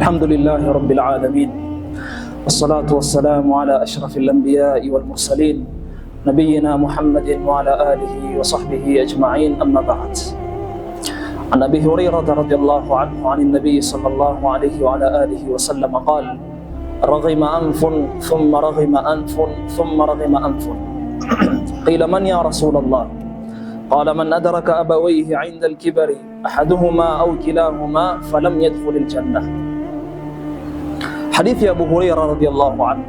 الحمد لله رب العالمين والصلاة والسلام على أشرف الأنبياء والمرسلين نبينا محمد وعلى آله وصحبه أجمعين أما بعد عن أبي هريرة رضي الله عنه عن النبي صلى الله عليه وعلى آله وسلم قال رغم أنف ثم رغم أنف ثم رغم أنف قيل من يا رسول الله قال من أدرك أبويه عند الكبر أحدهما أو كلاهما فلم يدخل الجنة Hadithi ya Abu Huraira radhiyallahu anhu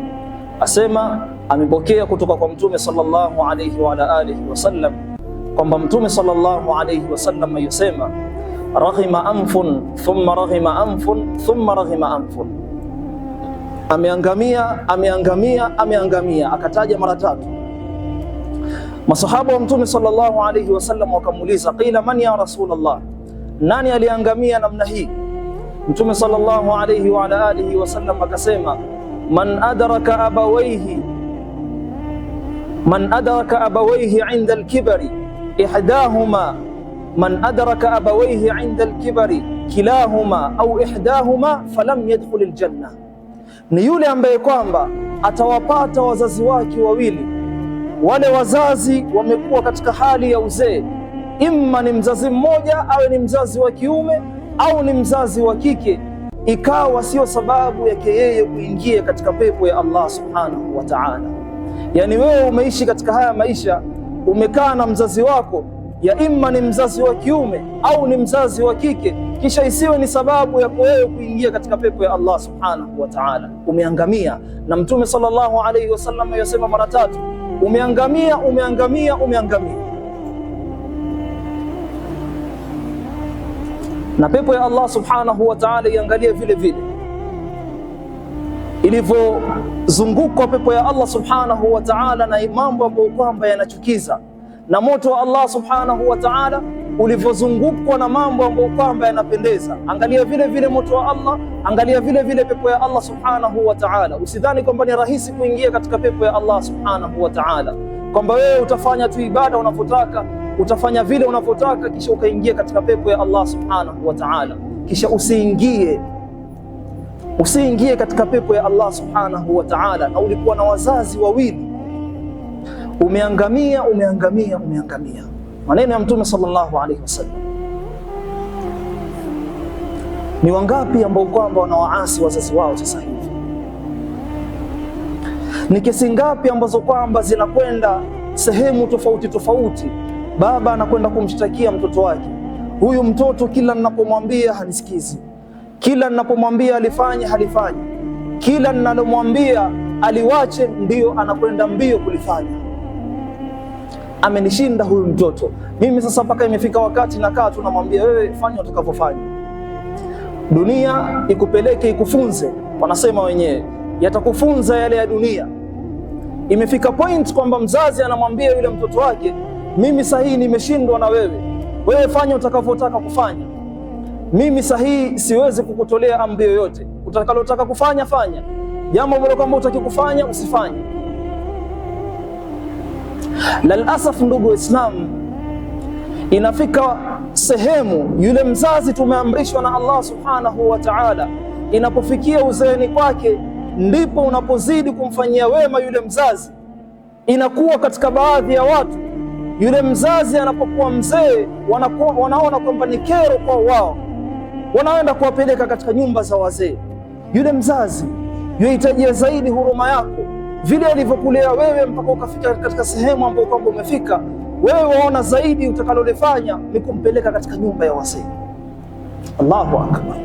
asema amepokea kutoka kwa Mtume sallallahu alayhi wa ala alihi wasallam kwamba Mtume sallallahu alayhi wasallam ayosema raghima anfun thumma rahima anfun thumma rahima anfun, ameangamia ameangamia ameangamia, akataja mara tatu. Masahaba wa Mtume sallallahu alayhi wasallam wakamuuliza, qila man ya Rasulullah, nani aliangamia namna hii? Mtume sallallahu alayhi wa ala alihi wasallam akasema, man adraka abawayhi man adraka abawayhi inda alkibari ihdahuma man adraka abawayhi inda alkibari kilahuma au ihdahuma falam yadkhul aljanna, ni yule ambaye kwamba atawapata wazazi wake wawili, wale wazazi wamekuwa katika hali ya uzee, imma ni mzazi mmoja awe ni mzazi wa kiume au ni mzazi wa kike ikawa sio sababu yake yeye kuingia katika pepo ya Allah subhanahu wa ta'ala. Yaani wewe umeishi katika haya maisha, umekaa na mzazi wako, ya imma ni mzazi wa kiume au ni mzazi wa kike, kisha isiwe ni sababu ya wewe kuingia katika pepo ya Allah subhanahu wa ta'ala. Umeangamia. Na Mtume sallallahu alayhi wasallam yasema mara tatu, umeangamia, umeangamia, umeangamia. na pepo ya Allah subhanahu wa ta'ala iangalie vile vile ilivyozungukwa pepo ya Allah subhanahu wa ta'ala na mambo ambayo kwamba yanachukiza, na moto wa Allah subhanahu wa ta'ala ulivyozungukwa na mambo ambayo kwamba yanapendeza. Angalia vile vile moto wa Allah, angalia vile vile pepo ya Allah subhanahu wa ta'ala. Usidhani kwamba ni rahisi kuingia katika pepo ya Allah subhanahu wa ta'ala, kwamba wewe utafanya tu ibada unavyotaka Utafanya vile unavyotaka, kisha ukaingia katika pepo ya Allah subhanahu wa ta'ala. Kisha usiingie usiingie katika pepo ya Allah subhanahu wa ta'ala, na ulikuwa na wazazi wawili, umeangamia umeangamia umeangamia. Maneno ya Mtume sallallahu alaihi wasallam. Ni wangapi ambao kwamba wanawaasi wazazi wao sasa hivi? Ni kesi ngapi ambazo kwamba zinakwenda sehemu tofauti tofauti baba anakwenda kumshtakia mtoto wake, huyu mtoto kila ninapomwambia hanisikizi, kila ninapomwambia alifanye halifanyi, kila ninalomwambia aliwache ndiyo anakwenda mbio kulifanya. Amenishinda huyu mtoto mimi. Sasa mpaka imefika wakati nakaa tu namwambia wewe, fanya utakavyofanya, dunia ikupeleke ikufunze. Wanasema wenyewe yatakufunza yale ya dunia. Imefika point kwamba mzazi anamwambia yule mtoto wake mimi sahihi nimeshindwa na wewe, wewe fanya utakavyotaka kufanya, mimi sahihi siwezi kukutolea amri yoyote. Utakalotaka kufanya fanya, jambo ambalo kwamba utaki kufanya usifanye. Lalasaf, ndugu Waislamu, inafika sehemu yule mzazi tumeamrishwa na Allah subhanahu wa ta'ala, inapofikia uzeeni kwake ndipo unapozidi kumfanyia wema yule mzazi. Inakuwa katika baadhi ya watu yule mzazi anapokuwa mzee, wanaona kwamba ni kero kwa wao, wanaenda kuwapeleka katika nyumba za wazee. Yule mzazi yuhitajia zaidi huruma yako, vile alivyokulea wewe mpaka ukafika katika sehemu ambayo kwamba umefika wewe, waona zaidi utakalolifanya ni kumpeleka katika nyumba ya wazee. Allahu akbar!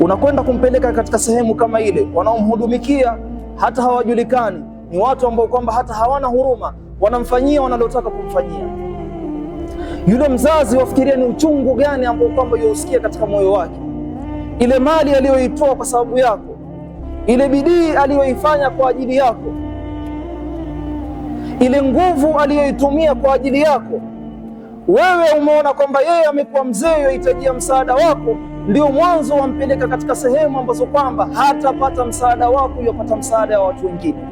Unakwenda kumpeleka katika sehemu kama ile, wanaomhudumikia hata hawajulikani, ni watu ambao kwamba hata hawana huruma, wanamfanyia wanalotaka kumfanyia. Yule mzazi wafikiria ni uchungu gani ambao kwamba yousikia katika moyo wake, ile mali aliyoitoa kwa sababu yako, ile bidii aliyoifanya kwa ajili yako, ile nguvu aliyoitumia kwa ajili yako wewe umeona kwamba yeye amekuwa mzee yohitajia msaada wako, ndio mwanzo wampeleka katika sehemu ambazo kwamba hatapata msaada wako, yapata msaada wa watu wengine.